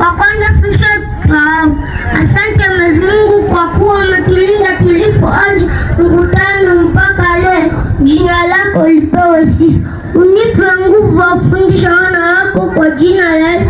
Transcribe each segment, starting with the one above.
Kwa kwanza Fisher Cloud, um, asante Mwenyezi Mungu kwa kuwa umetulinda tulipoanza mkutano mpaka leo. Jina lako lipewe sifa. Unipe nguvu wa kufundisha wana wako kwa jina la Yesu.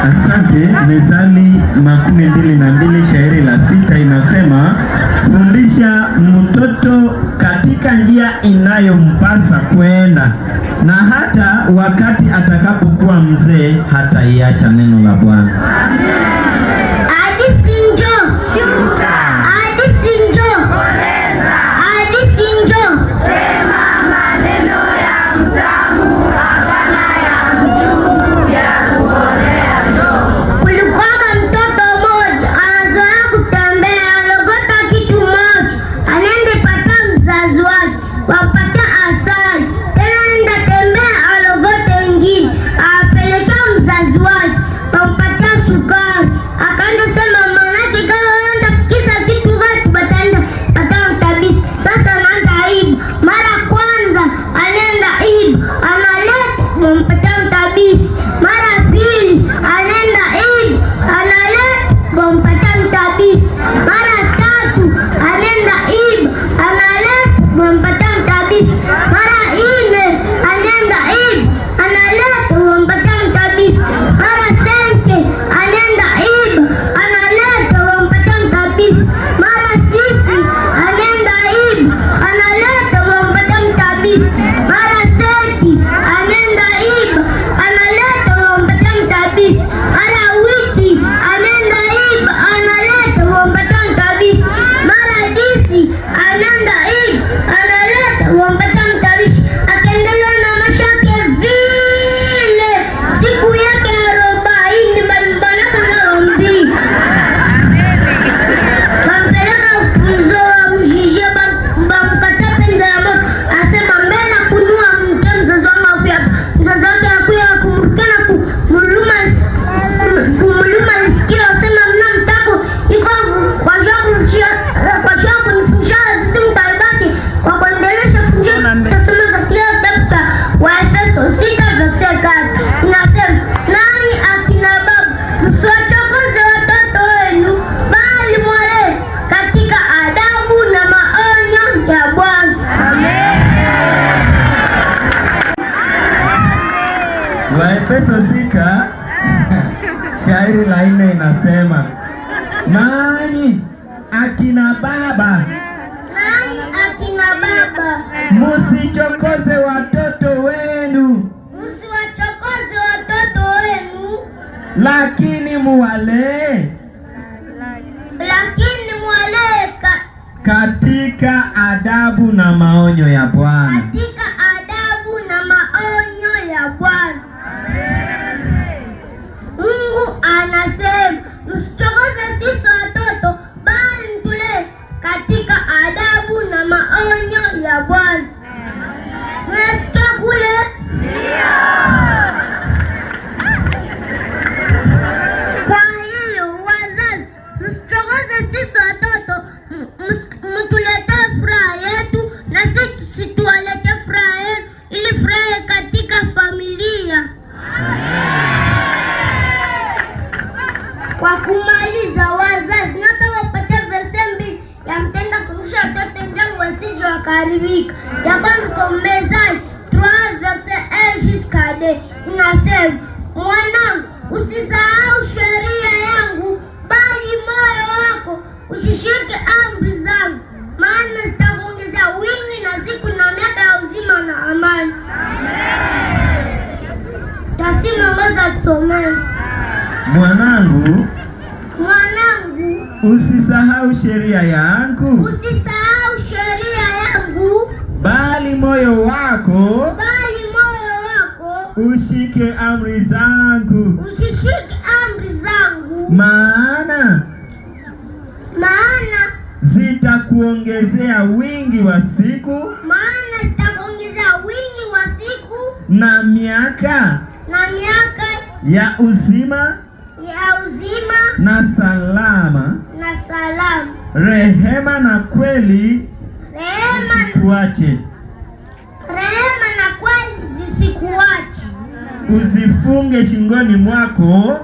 Asante. Mezali makumi mbili na mbili shairi la sita inasema: fundisha mtoto katika njia inayompasa kwenda, na hata wakati atakapokuwa mzee hataiacha neno la Bwana. Ah, even though Kwa Efeso sita ah. shairi la nne inasema nani akina baba, nani akina baba, musichokoze watoto wenu, musiwachokoze watoto wenu, lakini muwalee, lakini muwalee katika adabu na maonyo ya Bwana. Kade unasema, mwanangu, usisahau sheria yangu, bali moyo wako usishike amri zangu, maana zitakuongezea wingi na siku na miaka ya uzima na amani. Tasima tusomee, mwanangu, mwanangu, usisahau sheria yangu, usisahau sheria yangu, bali moyo wako bali Ushike amri zangu, usishike amri zangu, maana maana zitakuongezea wingi wa siku, maana zitakuongezea wingi wa siku na miaka na miaka ya uzima ya uzima na salama na salama, rehema na kweli, rehema zikuache rehema kuachi, uzifunge shingoni mwako,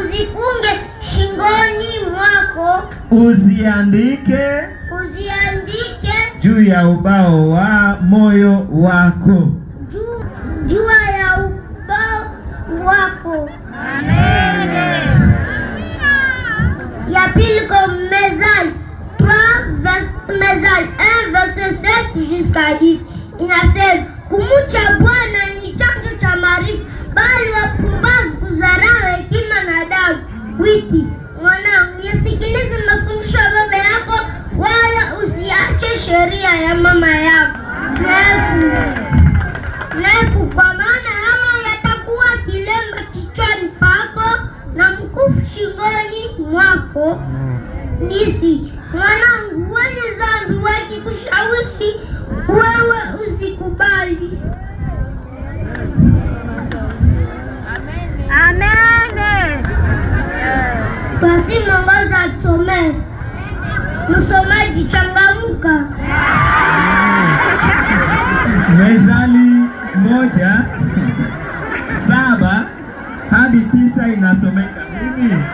uzifunge shingoni mwako, uziandike uziandike juu ya ubao wa moyo wako, juu ya ubao wako. Amen. Ya pili, Komezani 3 verse mezal 1 verset 7 jusqu'à 10 inasema, kumcha Bwana ni chanzo cha maarifa, bali wapumbavu huzarau hekima na adabu. Witi mwanangu, yasikilie lazima mwanza atusomee. Msomaji changamka. Mezani moja saba hadi tisa inasomeka nini?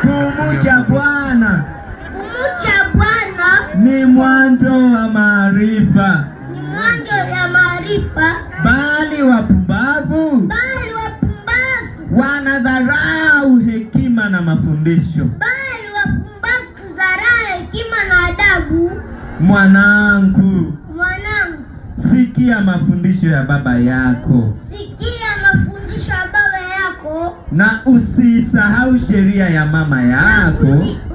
Kumcha Bwana. Kumcha Bwana ni mwanzo wa maarifa, ni mwanzo ya maarifa. Bali wapumbavu, bali wapumbavu wanadharau hekima hekima na mafundisho, bali wapumbavu kudharau hekima na adabu. Mwanangu, mwanangu, sikia mafundisho ya baba yako, sikia mafundisho ya baba yako, na usisahau sheria ya mama yako,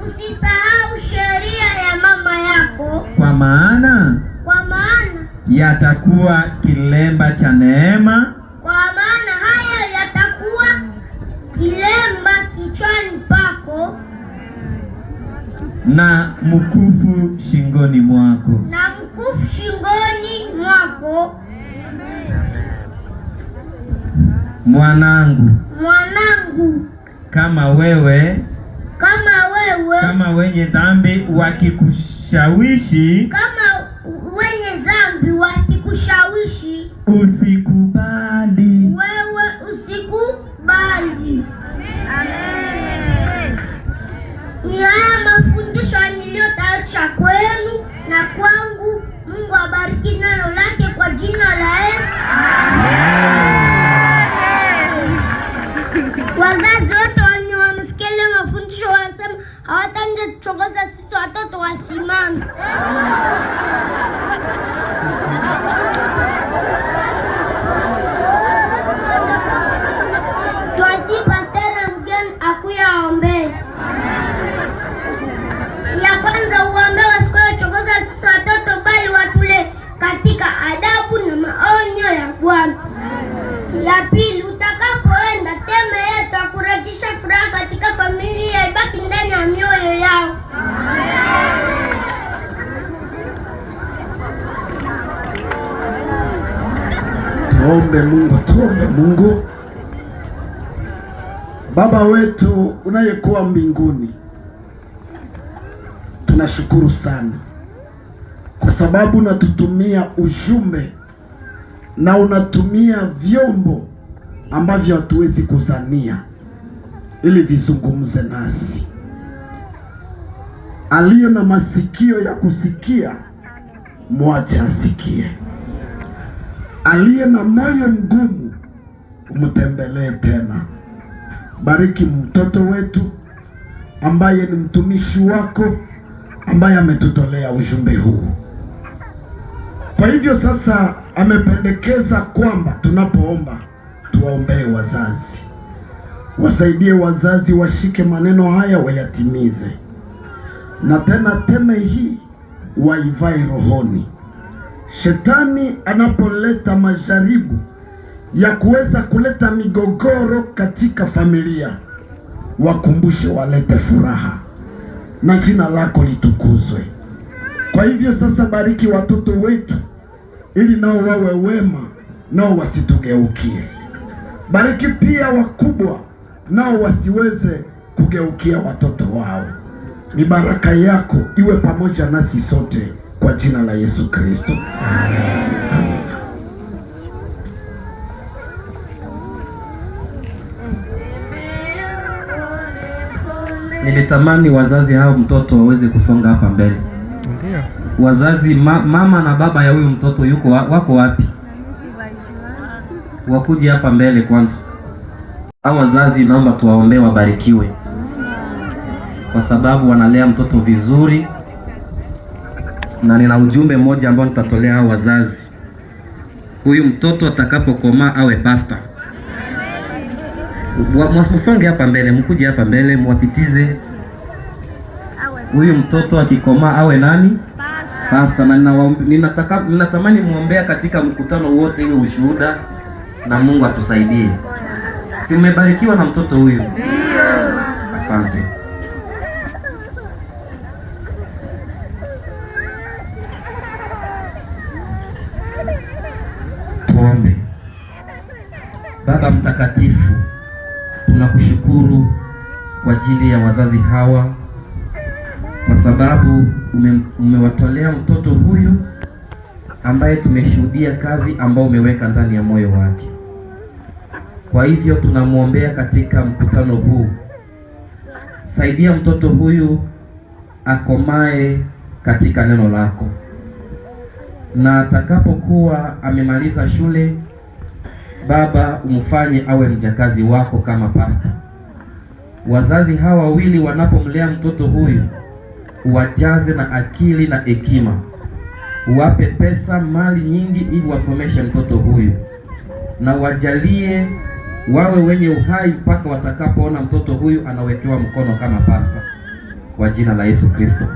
usisahau sheria ya mama yako, kwa maana kwa maana yatakuwa kilemba cha neema na mkufu shingoni mwako, na mkufu shingoni mwako. Mwanangu, mwanangu, kama wewe kama wewe kama wenye dhambi wakikushawishi, kama wenye dhambi wakikushawishi, usikubali wewe, usikubali. Amen. Amen kufikisha kwenu na kwangu. Mungu abariki neno lake kwa jina la Yesu. Wazazi wote wenye wamesikia mafundisho wanasema hawatanje kuchokoza sisi watoto wasimame. Bwana. La pili, utakapoenda tema yetu akurejesha furaha katika familia, ibaki ndani ya mioyo yao. Tuombe Mungu, tuombe Mungu. Baba wetu unayekuwa mbinguni, tunashukuru sana kwa sababu unatutumia ujumbe na unatumia vyombo ambavyo hatuwezi kuzania ili vizungumze nasi. aliye na masikio ya kusikia mwache asikie, aliye na moyo mgumu umtembelee tena. Bariki mtoto wetu ambaye ni mtumishi wako ambaye ametutolea ujumbe huu. Kwa hivyo sasa amependekeza kwamba tunapoomba tuwaombee wazazi, wasaidie wazazi washike maneno haya wayatimize, na tena teme hii waivae rohoni. Shetani anapoleta majaribu ya kuweza kuleta migogoro katika familia, wakumbushe walete furaha na jina lako litukuzwe. Kwa hivyo sasa, bariki watoto wetu ili nao wawe wema, nao wasitugeukie. Bariki pia wakubwa, nao wasiweze kugeukia watoto wao. Ni baraka yako iwe pamoja nasi sote kwa jina la Yesu Kristo, amen. Nilitamani wazazi hao mtoto waweze kusonga hapa mbele wazazi ma, mama na baba ya huyu mtoto yuko wako wapi? Wakuje hapa mbele kwanza. Au wazazi naomba tuwaombee wabarikiwe, kwa sababu wanalea mtoto vizuri, na nina ujumbe mmoja ambao nitatolea hao wazazi. Huyu mtoto atakapokomaa awe pasta. Msonge hapa mbele, mkuje hapa mbele, mwapitize. Huyu mtoto akikomaa awe nani? Pastor, na ninatamani muombea katika mkutano wote hiyo ushuhuda, na Mungu atusaidie. Simebarikiwa na mtoto huyu, asante. Tuombe. Baba mtakatifu, tunakushukuru kwa ajili ya wazazi hawa kwa sababu ume, umewatolea mtoto huyu ambaye tumeshuhudia kazi ambayo umeweka ndani ya moyo wake. Kwa hivyo tunamwombea katika mkutano huu, saidia mtoto huyu akomae katika neno lako, na atakapokuwa amemaliza shule, Baba, umfanye awe mjakazi wako kama pasta. Wazazi hawa wawili wanapomlea mtoto huyu uwajaze na akili na hekima, uwape pesa, mali nyingi, ili wasomeshe mtoto huyu, na uwajalie wawe wenye uhai mpaka watakapoona mtoto huyu anawekewa mkono kama pasta, kwa jina la Yesu Kristo.